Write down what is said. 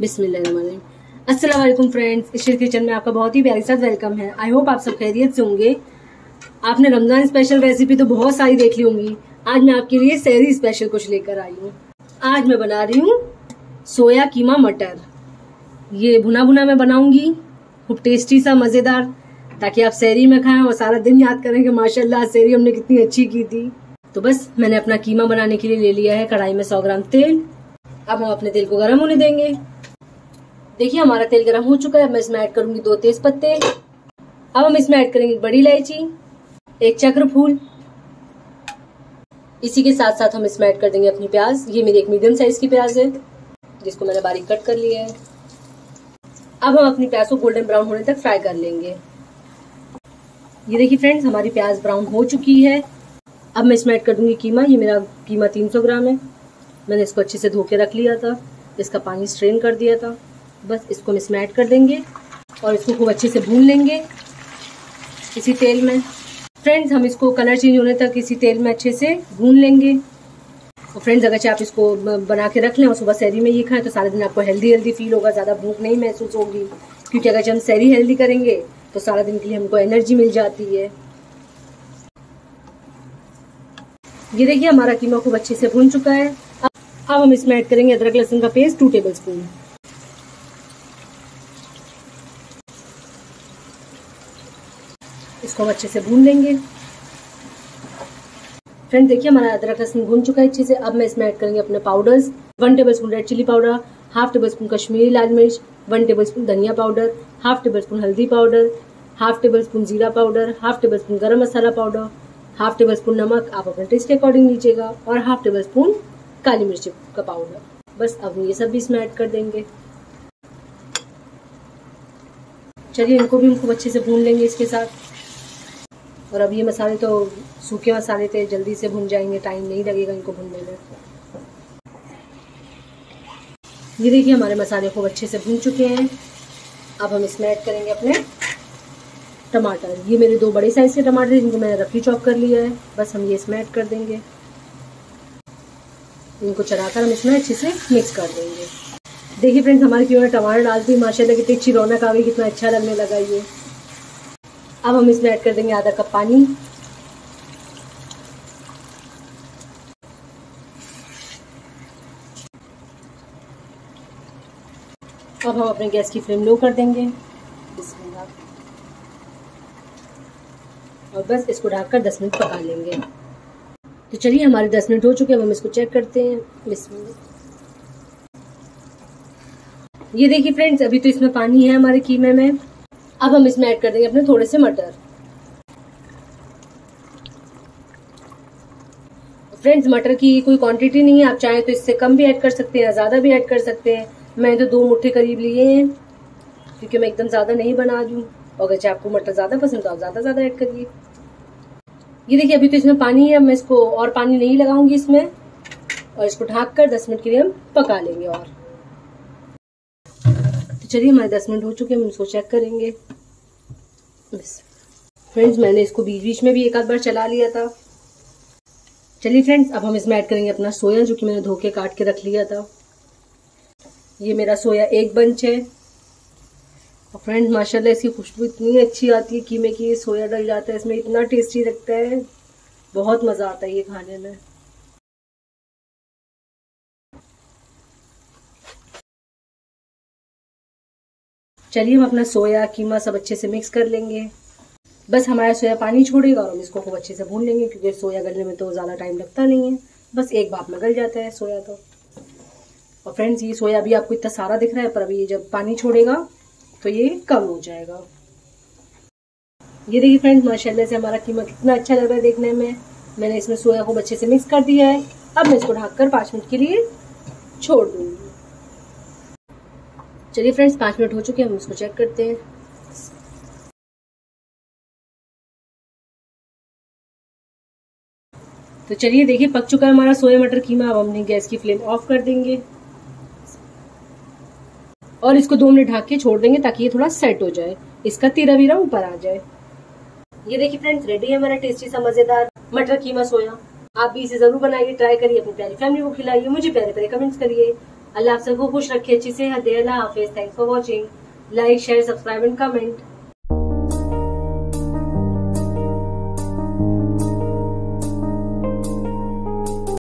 बिसमीम friends Ishir kitchen में आपका बहुत ही प्यारी साथ वेलकम है आई होप आप सब खैरियत से होंगे आपने रमज़ान स्पेशल रेसिपी तो बहुत सारी देख ली होंगी आज मैं आपके लिए शहरी स्पेशल कुछ लेकर आई हूँ आज मैं बना रही हूँ सोया कीमा मटर ये भुना भुना मैं बनाऊंगी खूब टेस्टी सा मज़ेदार ताकि आप शहरी में खाएं और सारा दिन याद करें कि माशाला शहरी हमने कितनी अच्छी की थी तो बस मैंने अपना कीमा बनाने के लिए ले लिया है कढ़ाई में सौ ग्राम तेल अब हम अपने तेल को गर्म होने देंगे देखिए हमारा तेल गर्म हो चुका है मैं इसमें ऐड करूंगी दो तेज पत्ते अब हम इसमें ऐड करेंगे बड़ी इलायची एक चक्र फूल इसी के साथ साथ हम इसमें ऐड कर देंगे अपनी प्याज ये मेरी एक मीडियम साइज की प्याज है जिसको मैंने बारीक कट कर लिया है अब हम अपनी प्याज को गोल्डन ब्राउन होने तक फ्राई कर लेंगे ये देखिए फ्रेंड्स हमारी प्याज ब्राउन हो चुकी है अब मैं इसमें ऐड कर दूंगी कीमा ये मेरा कीमा 300 ग्राम है मैंने इसको अच्छे से धो के रख लिया था इसका पानी स्ट्रेन कर दिया था बस इसको हम इसमें ऐड कर देंगे और इसको खूब अच्छे से भून लेंगे इसी तेल में फ्रेंड्स हम इसको कलर चेंज होने तक इसी तेल में अच्छे से भून लेंगे और फ्रेंड्स अगर चाहे आप इसको बना के रख लें और सुबह सैरी में ये खाएं तो सारा दिन आपको हेल्दी हेल्दी फील होगा ज़्यादा भूख नहीं महसूस होगी क्योंकि अगर हम सैरी हेल्दी करेंगे तो सारा दिन के लिए हमको एनर्जी मिल जाती है ये देखिए हमारा कीमा खूब अच्छे से भून चुका है अब हम इसमें ऐड करेंगे अदरक लहसुन का पेस्ट टू टेबल स्पून इसको हम अच्छे से भून लेंगे फ्रेंड देखिए हमारा अदरक लहसुन भून चुका है अच्छे से अब मैं इसमें ऐड करेंगे अपने powders one tablespoon red chilli powder half tablespoon Kashmiri लाल मिर्च वन टेबल स्पून धनिया पाउडर हाफ टेबल स्पून हल्दी पाउडर हाफ टेबल स्पून जीरा powder half tablespoon garam masala powder half tablespoon नमक आप अपने टेस्ट के अकॉर्डिंग लीजिएगा और हाफ टेबल स्पून काली मिर्ची का पाउडर बस अब ये सब भी इसमें ऐड कर देंगे चलिए इनको भी हम खूब अच्छे से भून लेंगे इसके साथ और अब ये मसाले तो सूखे मसाले थे जल्दी से भुन जाएंगे टाइम नहीं लगेगा इनको भुनने में ये देखिए हमारे मसाले खूब अच्छे से भुन चुके हैं अब हम इसमें ऐड करेंगे अपने टमाटर ये मेरे दो बड़े साइज़ के टमाटर हैं जिनको मैंने रफी चॉप कर लिया है बस हम ये इसमें ऐड कर देंगे इनको चढ़ाकर हम इसमें अच्छे से मिक्स कर देंगे देखिए फ्रेंड्स हमारे क्यों टमाटर डालती माशाला कितनी अच्छी रौनक आ गई कितना अच्छा लगने लगा ये अब हम इसमें ऐड कर देंगे आधा कप पानी अब हम अपने गैस की फ्लेम लो कर देंगे और बस इसको ढककर 10 मिनट पका लेंगे तो चलिए हमारे 10 मिनट हो चुके हैं हम इसको चेक करते हैं ये देखिए फ्रेंड्स अभी तो इसमें पानी है हमारे कीमे में अब हम इसमें ऐड कर देंगे अपने थोड़े से मटर फ्रेंड्स मटर की कोई क्वांटिटी नहीं है आप चाहें तो इससे कम भी ऐड कर सकते हैं ज़्यादा भी ऐड कर सकते हैं मैंने तो दो मुट्ठी करीब लिए हैं क्योंकि मैं एकदम ज़्यादा नहीं बना दूँ और अगर आपको मटर ज़्यादा पसंद तो आप ज़्यादा ज़्यादा ऐड करिए ये देखिए अभी तो इसमें पानी है मैं इसको और पानी नहीं लगाऊंगी इसमें और इसको ढाँक कर दस मिनट के लिए हम पका लेंगे और चलिए हमारे दस मिनट हो चुके हैं हम इसको चेक करेंगे फ्रेंड्स मैंने इसको बीच बीच में भी एक आध बार चला लिया था चलिए फ्रेंड्स अब हम इसमें ऐड करेंगे अपना सोया जो कि मैंने धो के काट के रख लिया था ये मेरा सोया एक बंच है और फ्रेंड्स माशाल्लाह इसकी खुशबू इतनी अच्छी आती है कि की सोया डल जाता है इसमें इतना टेस्टी लगता है बहुत मज़ा आता है ये खाने में चलिए हम अपना सोया कीमा सब अच्छे से मिक्स कर लेंगे बस हमारा सोया पानी छोड़ेगा और हम इसको खूब अच्छे से भून लेंगे क्योंकि सोया गलने में तो ज़्यादा टाइम लगता नहीं है बस एक बाप में गल जाता है सोया तो और फ्रेंड्स ये सोया अभी आपको इतना सारा दिख रहा है पर अभी ये जब पानी छोड़ेगा तो ये कम हो जाएगा ये देखिए फ्रेंड्स माशा से हमारा कीमा कितना अच्छा लग रहा है देखने में मैंने इसमें सोया खूब अच्छे से मिक्स कर दिया है अब मैं इसको ढक कर पाँच मिनट के लिए छोड़ दूंगी चलिए फ्रेंड्स पाँच मिनट हो चुके हैं हम इसको चेक करते हैं तो चलिए देखिए पक चुका है हमारा सोया मटर कीमा अब हमने गैस की फ्लेम ऑफ कर देंगे और इसको दो मिनट ढाक के छोड़ देंगे ताकि ये थोड़ा सेट हो जाए इसका तीरा वीरा ऊपर आ जाए ये देखिए फ्रेंड्स रेडी है हमारा टेस्टी सा मजेदार मटर कीमा सोया आप भी इसे जरूर बनाइए ट्राई करिए अपनी प्यारी फैमिली को खिलाइए मुझे प्यारे प्यारे कमेंट्स करिए अल्लाह आप सबको खुश रखे अच्छी सेहत दे अल्लाह हाफिज thanks for watching like share subscribe and comment